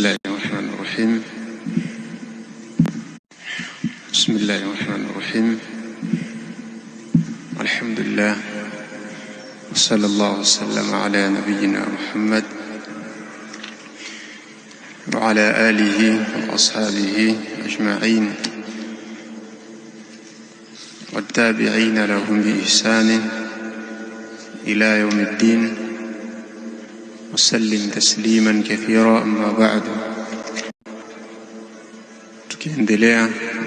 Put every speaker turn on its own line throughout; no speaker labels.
الله الرحمن الرحيم بسم الله الرحمن الرحيم الحمد لله وصلى الله وسلم على نبينا محمد وعلى آله وأصحابه أجمعين والتابعين لهم بإحسان إلى يوم الدين wasallim tasliman kathira, amma ba'du. Tukiendelea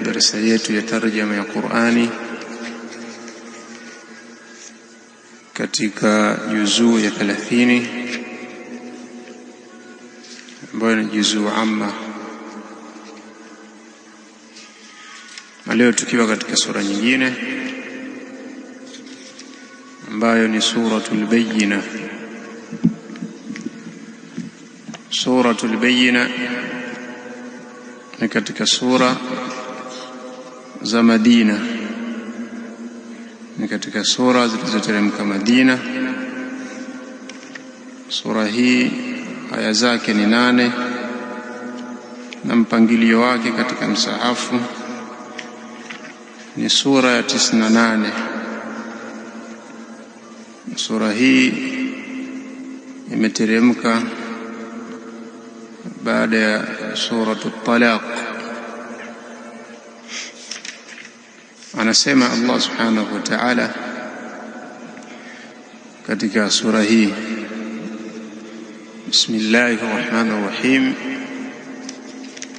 darasa yetu ya tarjama ya Qur'ani katika juzuu ya 30 ambayo ni juzuu amma, na leo tukiwa katika sura nyingine ambayo ni suratul Bayyina. Suratul Bayyina ni katika sura za Madina, ni katika sura zilizoteremka Madina. Sura hii aya zake ni nane na mpangilio wake katika msahafu ni sura ya tisini nane. Sura hii imeteremka بعد سورة الطلاق أنا سمع الله سبحانه وتعالى كتك سورة هي بسم الله الرحمن الرحيم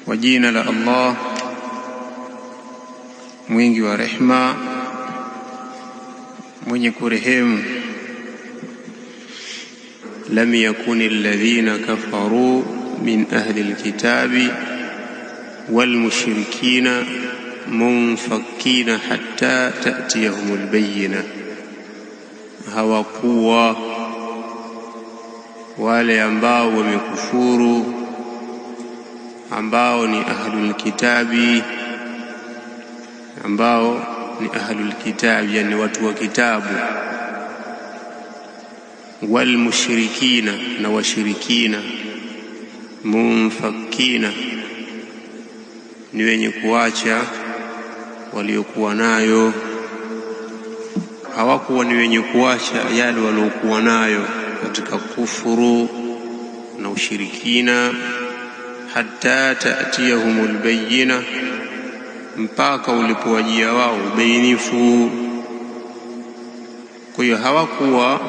وجينا لالله جوا رحمة مينجي رحم لم يكن الذين كفروا min ahli lkitabi walmushrikina munfakina hatta tatiyahum lbayina, hawakuwa wale ambao wamekufuru ambao ni ahlul kitabi ambao ni ahlul kitabi, yani watu wa kitabu, walmushrikina na washirikina munfakina, ni wenye kuacha waliokuwa nayo. Hawakuwa ni wenye kuacha yale waliokuwa nayo katika kufuru na ushirikina, hatta taatiyahumul lbayina mpaka ulipowajia wao ubainifu. Kwa hiyo hawakuwa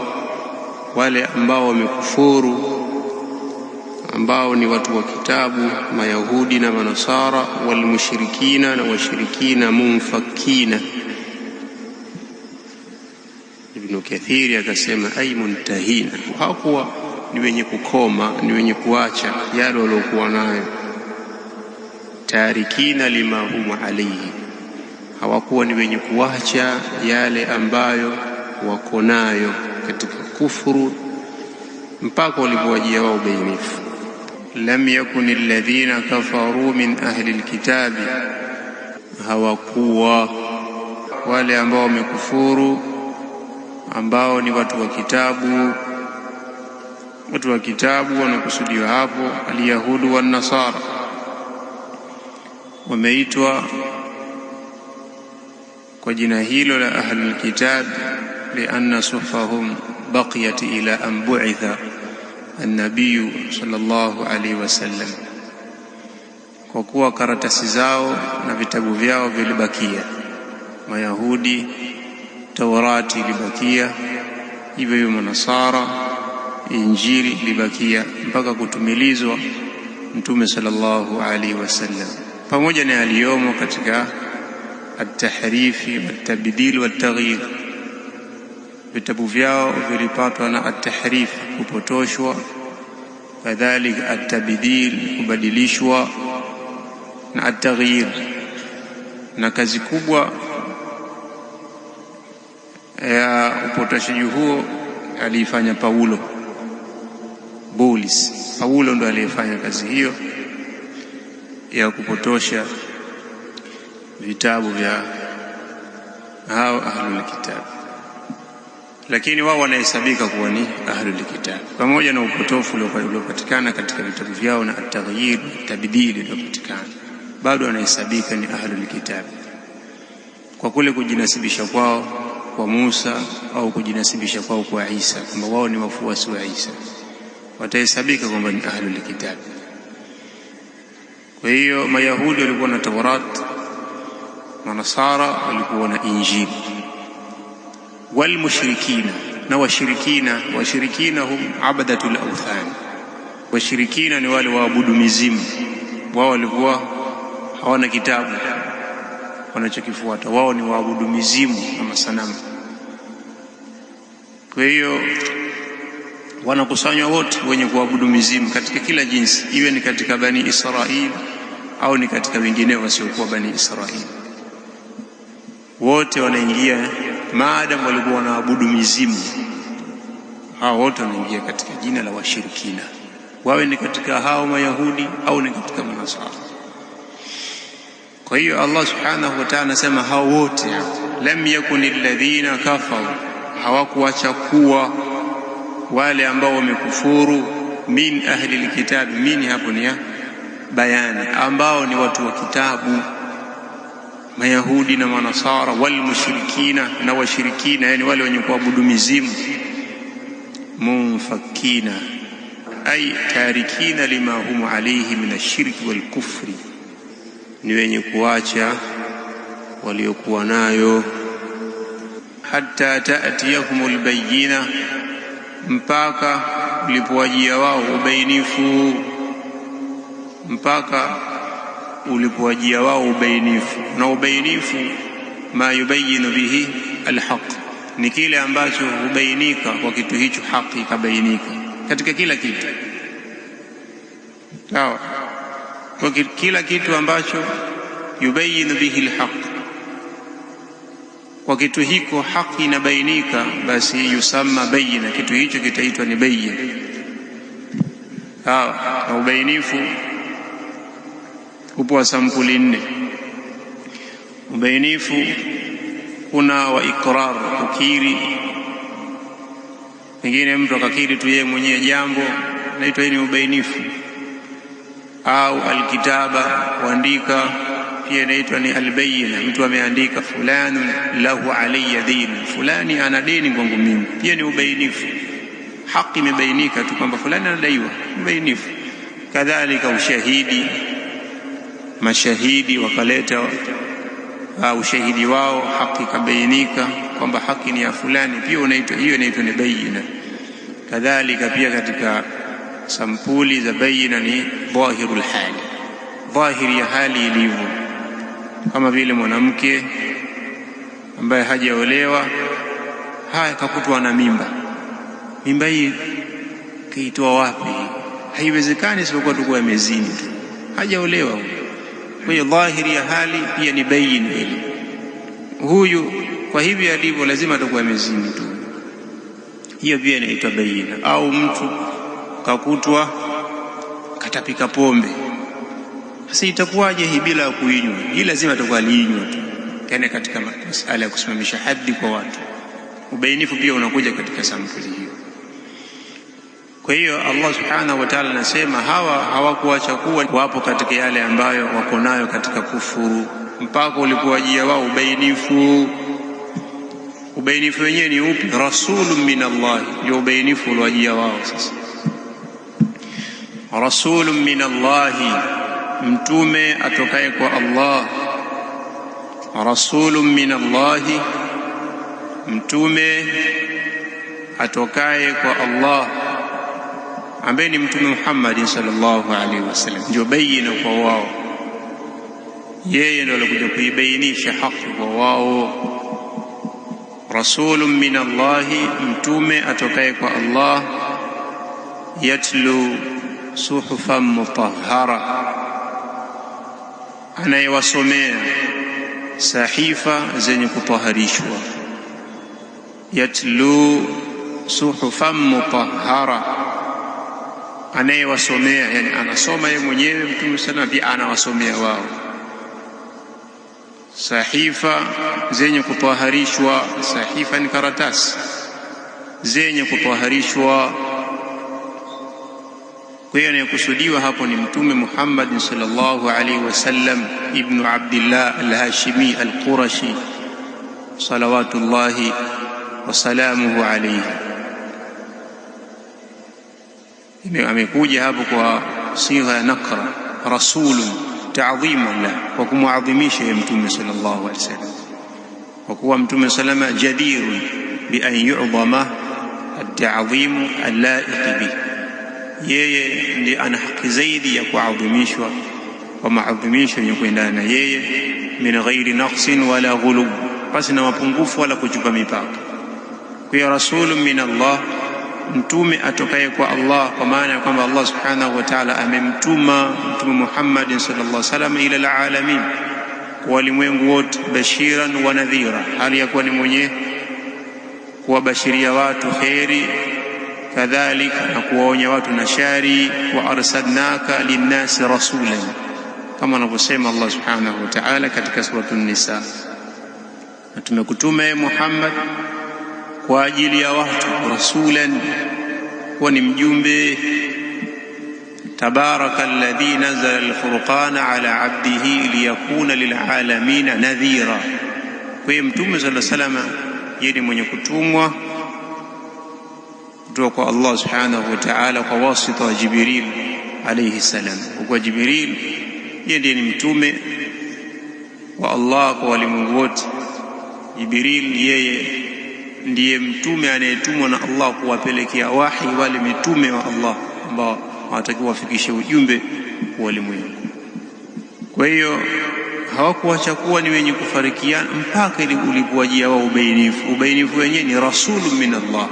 wale ambao wamekufuru ambao ni watu wa kitabu Mayahudi na Manasara, walmushrikina na washirikina, munfakina. Ibnu Kathiri akasema ai muntahina, hawakuwa ni wenye kukoma, ni wenye kuacha yale waliokuwa nayo. Tarikina lima hum alaihi, hawakuwa ni wenye kuacha yale ambayo wako nayo katika kufuru mpaka walipowajia wao bainifu lam yakun alladhina kafaru min ahli alkitabi, hawakuwa wale ambao wamekufuru ambao ni watu wa kitabu. Watu wa kitabu wanakusudiwa hapo alyahudu wannasara, wameitwa kwa jina hilo la ahlulkitabi, lianna suhfahum baqiyat ila an bu'itha an-nabiy sallallahu alaihi wasallam, kwa kuwa karatasi zao na vitabu vyao vilibakia. Mayahudi Taurati ilibakia, hivyo hivyo Manasara Injili ilibakia mpaka kutumilizwa Mtume sallallahu alaihi wasallam, pamoja na yaliyomo katika at-tahrifi wat-tabdil wat-taghyir vitabu vyao vilipatwa na atahrif, kupotoshwa, kadhalika atabdil, kubadilishwa na ataghyir. Na kazi kubwa eh, ya upotoshaji huo aliifanya Paulo Bolis. Paulo ndo aliyefanya kazi hiyo ya kupotosha vitabu vya hao ahlul kitabu lakini wao wanahesabika kuwa ni ahlul kitabu, pamoja na upotofu uliopatikana katika vitabu vyao na ataghyir na tabdili uliopatikana, bado wanahesabika ni ahlul kitabu kwa kule kujinasibisha kwao kwa Musa au kujinasibisha kwao kwa Isa, kwamba wao ni wafuasi wa Isa, watahesabika kwamba ni ahlul kitabu. Kwa hiyo Mayahudi walikuwa na Taurat, Manasara walikuwa na Injili walmushrikina na washirikina. Washirikina hum abadatu awthan, washirikina ni wale waabudu mizimu. Wao walikuwa hawana kitabu wanachokifuata, wao ni waabudu mizimu na masanamu. Kwa hiyo wanakusanywa wote wenye kuabudu mizimu katika kila jinsi, iwe ni katika Bani Israili au ni katika wengineo wasiokuwa Bani Israili, wote wanaingia maadamu walikuwa wanaabudu mizimu, hao wote wanaingia katika jina la washirikina, wawe ni katika hao Mayahudi au ni katika Manasara. Kwa hiyo Allah subhanahu wa ta'ala anasema hao wote, lam yakun alladhina kafaru, hawakuacha kuwa wale ambao wamekufuru, min ahli alkitab, min hapo ni ya bayani, ambao ni watu wa kitabu Mayahudi na Manasara, walmushrikina na washirikina, yani wale wenye kuabudu mizimu. Munfakina ay tarikina lima hum alayhi min ashirki walkufri, ni wenye kuacha waliokuwa nayo. Hatta taatiyahum albayina, mpaka ulipowajia wao ubainifu, mpaka ulipowajia wao ubainifu, na ubainifu ma yubayinu bihi alhaq, ni kile ambacho hubainika kwa kitu hicho, haki ikabainika katika kila kitu. Sawa, kwa kila kitu ambacho yubayinu bihi alhaq, kwa kitu hiko haki inabainika, basi yusamma bayina, kitu hicho kitaitwa ni bayina. Sawa, na ubainifu upo sampuli nne. Ubainifu kuna wa ikrar, kukiri. Pengine mtu akakiri tu yeye mwenyewe jambo, naitwa hii ni ubainifu. Au alkitaba, kuandika pia inaitwa ni albayina. Mtu ameandika fulani lahu alayya dini, fulani ana deni kwangu mimi, pia ni ubainifu. Haki imebainika tu kwamba fulani anadaiwa, ubainifu. Kadhalika ushahidi mashahidi wakaleta ah, ushahidi wao, haki ikabainika kwamba haki ni ya fulani, pia unaitwa hiyo, inaitwa ni bayina. Kadhalika pia katika sampuli za bayina ni dhahirul hali, dhahiri ya hali ilivyo, kama vile mwanamke ambaye hajaolewa haya kakutwa na mimba. Mimba hii kaitoa wapi? Haiwezekani isipokuwa tukuwa mezini tu, hajaolewa kwa hiyo dhahiri ya hali pia ni bayin hili, huyu kwa hivyo alivyo lazima atakuwa amezini tu, hiyo pia inaitwa bayina. Au mtu kakutwa katapika pombe, sasa itakuwaje hii bila ya kuinywa? Hii lazima atakuwa aliinywa tu, yaani katika masala ya kusimamisha hadhi kwa watu, ubainifu pia unakuja katika sampuli hiyo. Kwa hiyo Allah subhanahu wa ta'ala anasema hawa hawakuacha kuwa wapo katika yale ambayo wako nayo katika kufuru, mpaka ulipowajia wao ubainifu. Ubainifu wenyewe ni upi? Rasulun min Allah, ndio ubainifu uliwajia wao. Sasa rasulun min Allah, mtume atokaye kwa Allah. Rasulun min Allah, mtume atokaye kwa Allah ambaye ni Mtume Muhammad sallallahu alaihi wasallam, ndio baina kwa wao. Yeye ndio alikuja kuibainisha haki kwa wao. Rasulun min Allahi, mtume atokaye kwa Allah. Yatlu suhufan mutahhara, anayewasomea sahifa zenye kutaharishwa. Yatlu suhufan mutahhara anayewasomea, yani anasoma yeye mwenyewe Mtume sana, pia anawasomea wao sahifa zenye kutoharishwa Sahifa ni karatasi zenye kutoharishwa Kwa hiyo anayekusudiwa hapo ni Mtume Muhammad sallallahu alaihi wasallam, Ibnu Abdillah Alhashimi Alqurashi salawatullahi wasalamuhu alaihi amekuja hapo kwa sigha ya nakra, rasulun taadhiman la, kwa kumwadhimisha ye Mtume sallallahu alaihi wasallam, kwa kuwa Mtume salama jadirun bi an yudhama atadhimu alaiki bihi, yeye ndi ana haki zaidi ya kuadhimishwa kwa maadhimisho yenye kuendana na yeye, min ghairi naqsin wala ghulub, basi na mapungufu wala kuchupa mipaka. Kwa rasulu min Allah mtume atokaye kwa Allah, kwa maana ya kwamba Allah subhanahu wa ta'ala amemtuma Mtume Muhammadin sallallahu alaihi wasallam ila lilalamin, kwa walimwengu wote, bashiran wa nadhira, hali ya kuwa ni mwenye kuwabashiria watu kheri, kadhalika na kuwaonya watu na shari. Wa arsalnaka linnasi rasulan, kama anavyosema Allah subhanahu wa ta'ala katika suratu Nisa, na tumekutuma ye Muhammad kwa ajili ya watu, rasulan, kuwa ni mjumbe. Tabaraka alladhi nazala alfurqana ala abdihi liyakuna lilalamina nadhira. Kwa hiyo Mtume sallallahu salama wasallam yeye ni mwenye kutumwa kutoka kwa Allah subhanahu wa ta'ala kwa wasita wa Jibril alayhi salam. Kwa Jibril yeye ndiye ni mtume wa Allah kwa walimwengu wote. Jibril yeye ndiye mtume anayetumwa na Allah kuwapelekea wahi wale mitume wa Allah ambao wanatakiwa wafikishe ujumbe kwa walimwengu. Kwa hiyo hawakuacha kuwa ni wenye kufarikiana mpaka ili ulipowajia wao ubainifu. Ubainifu wenyewe ni rasulu min Allah,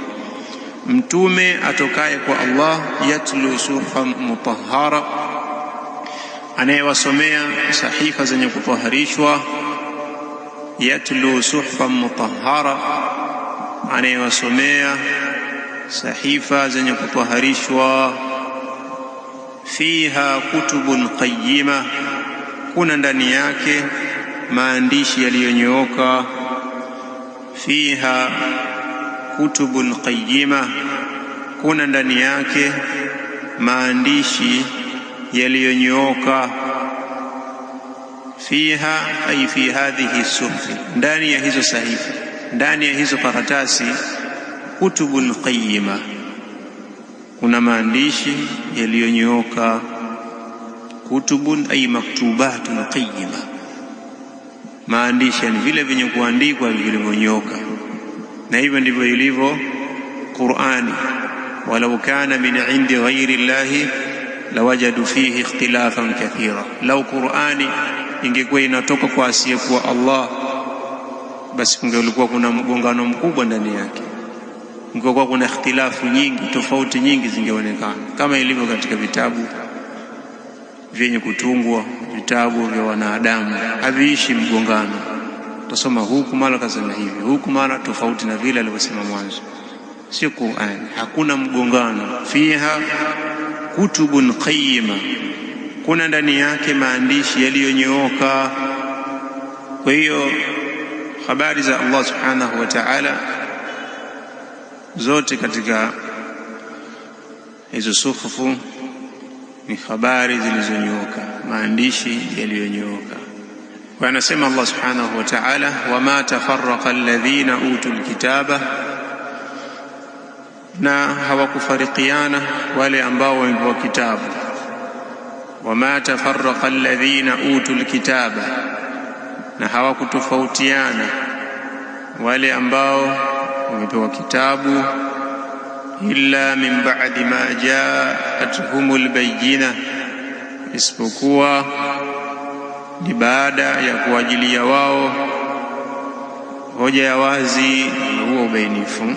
mtume atokaye kwa Allah, yatlu suhufan mutahhara, anayewasomea sahifa zenye kutaharishwa, yatlu suhufan mutahhara anayewasomea sahifa zenye kutoharishwa, Fiha kutubun qayyima, kuna ndani yake maandishi yaliyonyooka. Fiha kutubun qayyima, kuna ndani yake maandishi yaliyonyooka. Fiha ay fi hadhihi suhfi, ndani ya hizo sahifa ndani ya hizo karatasi kutubul qayyima, kuna maandishi yaliyonyooka. Kutubun ay maktubatun qayyima, maandishi ni vile vyenye kuandikwa vilivyonyooka. Na hivyo ndivyo ilivyo Qur'ani, walau kana min indi ghairi llahi lawajadu fihi ikhtilafan kathira, lau Qur'ani ingekuwa inatoka kwa asiyekuwa Allah basi kungelikuwa kuna mgongano mkubwa ndani yake, kungekuwa kuna ikhtilafu nyingi, tofauti nyingi zingeonekana, kama ilivyo katika vitabu vyenye kutungwa. Vitabu vya wanadamu haviishi mgongano, utasoma huku mara kasema hivi, huku mara tofauti na vile alivyosema mwanzo. Sio Qur'an, hakuna mgongano. Fiha kutubun qayyima, kuna ndani yake maandishi yaliyonyooka. Kwa hiyo habari za Allah subhanahu wa ta'ala zote katika hizo suhufu ni habari zilizonyooka, maandishi yaliyonyooka. Kwa anasema Allah subhanahu wa ta'ala, wama tafarraqa alladhina utul kitaba, na hawakufarikiana wale ambao wamepewa kitabu. Wama tafarraqa alladhina utul kitaba na hawakutofautiana wale ambao wamepewa kitabu, illa min ba'di ma ja'atuhumul bayyina, isipokuwa ni baada ya kuwajilia wao hoja ya wazi na huo ubainifu.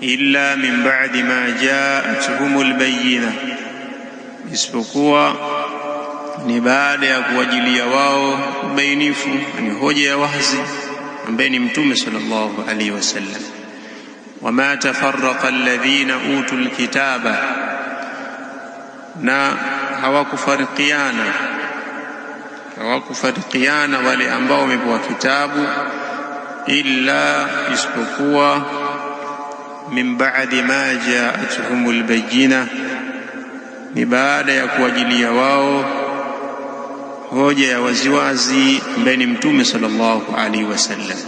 Illa min ba'di ma ja'atuhumul bayyina, isipokuwa ni baada ya kuwajilia wao ubainifu, ni hoja ya wazi ambaye ni Mtume sallallahu alaihi wasallam. Wama tafarraqa alladhina utul kitaba, na hawakufarikiana hawakufarikiana wale ambao wamepewa kitabu, illa isipokuwa min ba'di ma jaatuhumul bayyina, ni baada ya kuwajilia wao hoja ya waziwazi ambaye ni Mtume sallallahu alaihi wasallam.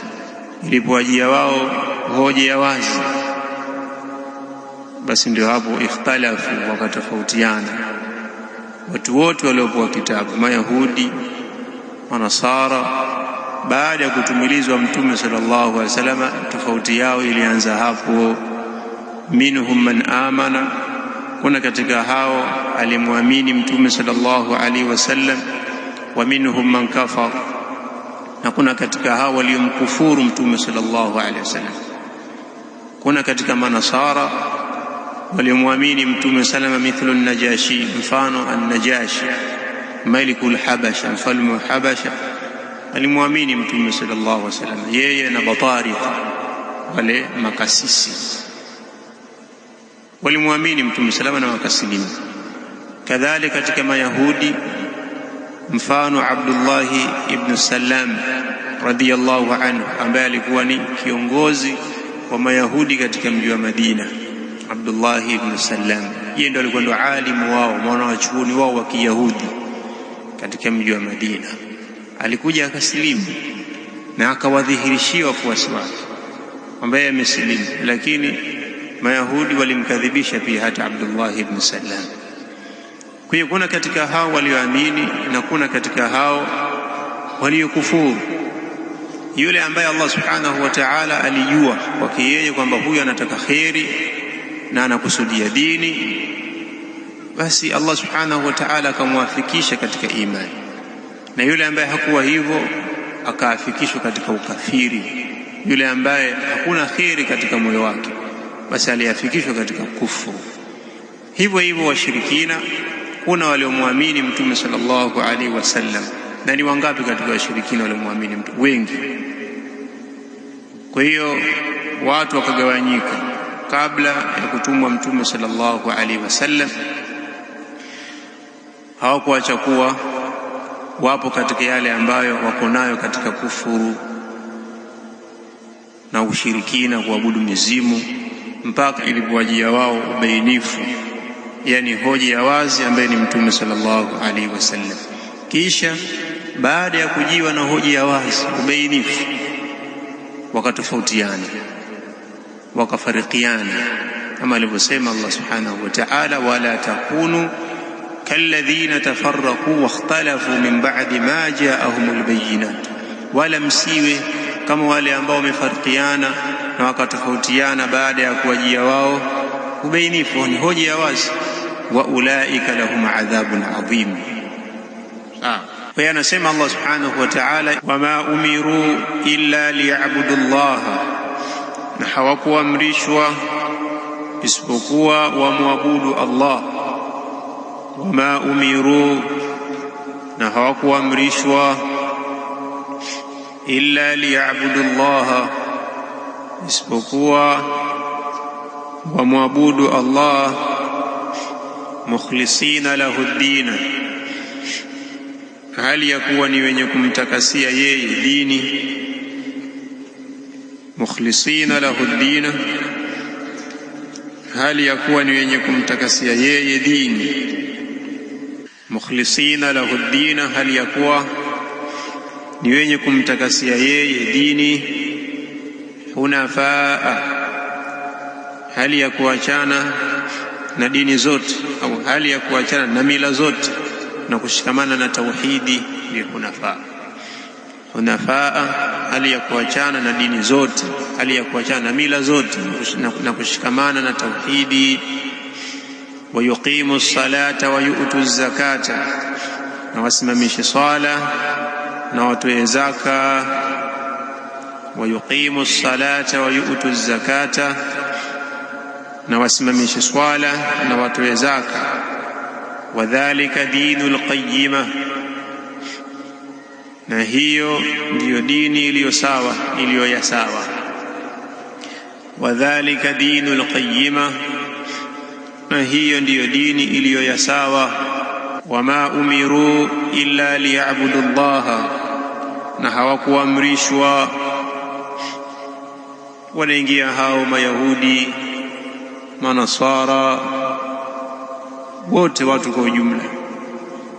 Ilipowajia wao hoja ya wazi, basi ndio hapo ikhtalafu, wakatofautiana watu wote waliopewa kitabu, Mayahudi, Manasara. Baada ya kutumilizwa Mtume sallallahu alaihi wasallam, tofauti yao ilianza hapo. Minhum man amana, kuna katika hao alimwamini Mtume sallallahu alaihi wasallam wa minhum man kafar, na kuna katika hao waliomkufuru Mtume sallallahu alaihi wasallam. Kuna katika manasara waliomwamini Mtume salama, mithlu Najashi, mfano Annajashi malikul lhabasha mfalme wa Habasha alimwamini Mtume sallallahu alaihi wasallam, yeye na batarika wale makasisi walimwamini Mtume salama na makasilimu. Kadhalika katika Mayahudi mfano Abdullahi ibn Salam radiyallahu anhu, ambaye alikuwa ni kiongozi wa Mayahudi katika mji wa Madina. Abdullahi ibn Salam yeye ndo alikuwa ndo alimu wao, mwana wa chuoni wao wa Kiyahudi katika mji wa Madina. Alikuja akasilimu na akawadhihirishia wafuasi wake ambaye yeye amesilimu, lakini Mayahudi walimkadhibisha pia hata Abdullahi ibn Salam. Kwa hiyo kuna katika hao walioamini na kuna katika hao waliokufuru. Yule ambaye Allah subhanahu wa ta'ala alijua kwake yeye kwamba huyu anataka kheri na anakusudia dini, basi Allah subhanahu wa ta'ala akamwafikisha katika imani, na yule ambaye hakuwa hivyo akaafikishwa katika ukafiri. Yule ambaye hakuna kheri katika moyo wake, basi aliafikishwa katika kufuru. Hivyo hivyo washirikina kuna waliomwamini mtume sallallahu alaihi wasallam. Na ni wangapi katika washirikina waliomwamini mtume? Wengi. Kwa hiyo watu wakagawanyika kabla ya kutumwa mtume sallallahu alaihi wasallam, hawakuacha kuwa wapo katika yale ambayo wako nayo katika kufuru na ushirikina, kuabudu mizimu mpaka ilipowajia wao ubainifu yani hoja ya wazi ambaye ni Mtume sallallahu alaihi wasallam. Kisha baada ya kujiwa na hoja ya wazi ubainifu, wakatofautiana wakafarikiana, kama alivyosema Allah subhanahu wa ta'ala, wala takunu kalladhina tafarraqu wakhtalafu min ba'di ma ja'ahumul bayyinat, wala msiwe kama wale ambao wamefarikiana na wakatofautiana baada ya kuwajia wao ubainifu, ni hoja ya wazi. واولئك لهم عذاب عظيم فينسمى آه. الله سبحانه وتعالى وما امروا الا ليعبدوا الله نحوكوا امرشوا اسبقوا وموابودوا الله وما امروا نحوكوا امرشوا الا ليعبدوا الله اسبقوا وموابودوا الله mukhlisina lahu ddina, hali ya kuwa ni wenye kumtakasia yeye dini. Mukhlisina lahu ddina, hali ya kuwa ni wenye kumtakasia yeye dini. Mukhlisina lahu ddina, hali ya kuwa ni wenye kumtakasia yeye dini. Hunafaa, hali ya kuachana na dini zote au hali ya kuachana na mila zote na kushikamana na tauhidi ni hunafaa. Hunafaa hali ya kuachana na dini zote, hali ya kuachana na mila zote na kushikamana na tauhidi. Wa yuqimu salata wa yu'tu zakata, na wasimamishe swala na watoe zaka. Wa yuqimu salata wa yu'tu zakata na wasimamishe swala na watoe zaka. Wadhalika dinu lqayima, na hiyo ndiyo dini iliyo sawa iliyo ya sawa. Wadhalika dinu lqayima, na hiyo ndiyo dini iliyo ya sawa. Wama umiru illa liyabudu llaha, na hawakuamrishwa wanaingia hao Mayahudi manaswara wote watu kwa ujumla,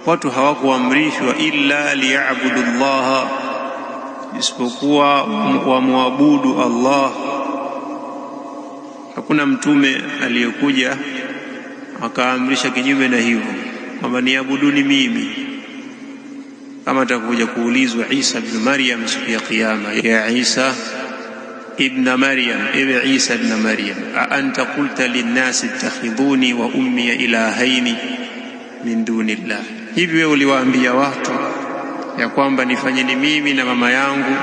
watu hawakuamrishwa illa liyabudu llaha, isipokuwa wamwabudu Allah. Hakuna mtume aliyekuja akaamrisha kinyume na hivyo kwamba niabuduni mimi, kama atakuja kuulizwa Isa bin Maryam siku ya Kiyama, ya Isa ibn Maryam, ewe Isa ibn Maryam, a anta qulta linnasi ittakhidhuni wa ummiya ilahaini min duni llah hivi wewe uliwaambia watu ya kwamba nifanyeni mimi na mama yangu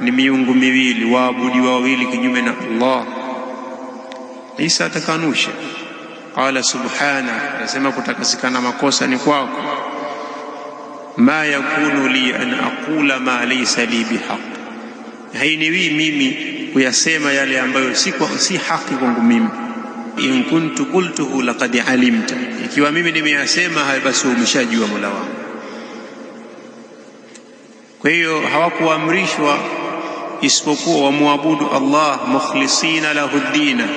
ni miungu miwili waabudi wawili kinyume na Allah? Isa atakanusha, qala subhana, anasema kutakasikana makosa ni kwako, ma yakunu li an aqula ma laysa li bihaq hainiwii mimi kuyasema yale ambayo si si haki kwangu mimi. In kuntu qultuhu laqad alimta, ikiwa mimi nimeyasema hayo basi umeshajua Mola wangu. Kwa hiyo hawakuamrishwa isipokuwa wamwabudu Allah mukhlisina lahu dina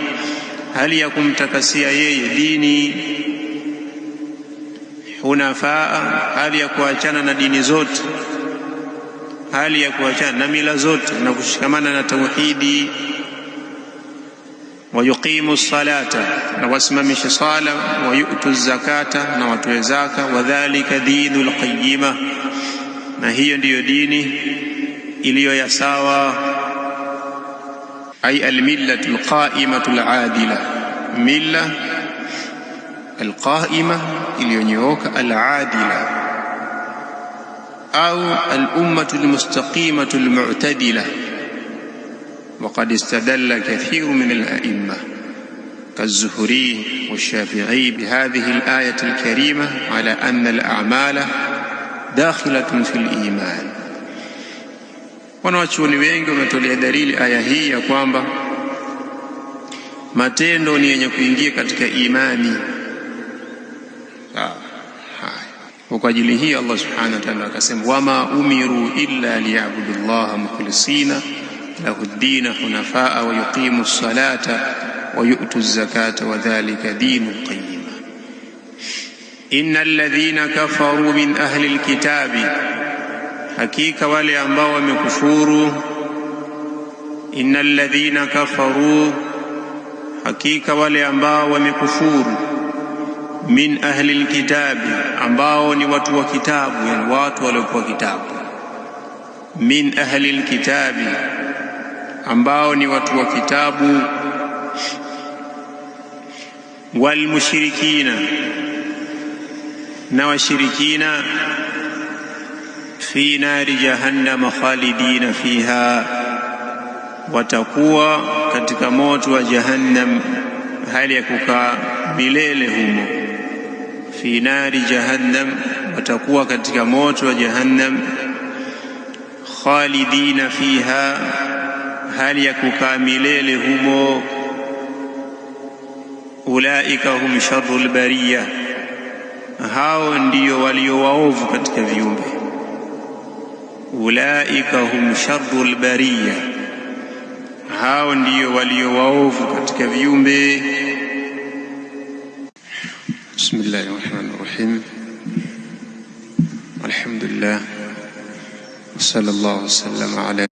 hali ya kumtakasia yeye dini, hunafaa, hali ya kuachana na dini zote hali ya kuachana na mila zote na kushikamana na tauhidi. Wayuqimu salata, na wasimamishe sala. Wayutu zakata, na watoe zaka. Wadhalika dinu lqayima, na hiyo ndiyo dini iliyo ya sawa. Ay almillatu lqaimatu aladila, milla alqaima iliyonyooka, aladila أو الأمة المستقيمة المعتدلة وقد استدل كثير من الأئمة كالزهري والشافعي بهذه الآية الكريمة على أن الأعمال داخلة في الإيمان wanawachuoni wengi wametolea dalili aya hii ya kwamba matendo ni yenye kuingia katika imani Kwa kwa ajili hii Allah subhanahu wa ta'ala akasema, wama umiru illa liyabudu llaha mukhlisina lahu ddina hunafaa wa yuqimu salata wa yu'tu zakata wa dhalika dinu qayyima. Inna alladhina kafaru min ahli lkitabi, hakika wale ambao wamekufuru. Inna alladhina kafaru, hakika wale ambao wamekufuru min ahli lkitabi, ambao ni watu wa kitabu, yani watu waliokuwa kitabu. Min ahli lkitabi, ambao ni watu wa kitabu. Walmushrikina, na washirikina. Fi nari jahannama khalidina fiha, watakuwa katika moto wa Jahannam, hali ya kukaa milele humo fi nari jahannam, watakuwa katika moto wa Jahannam. Khalidina fiha, hali ya kukaa milele humo. Ulaika hum sharu lbariya, hao ndio walio waovu katika viumbe. Ulaika hum sharu lbariya, hao ndio walio waovu katika viumbe. بسم الله الرحمن الرحيم الحمد لله وصلى الله وسلم على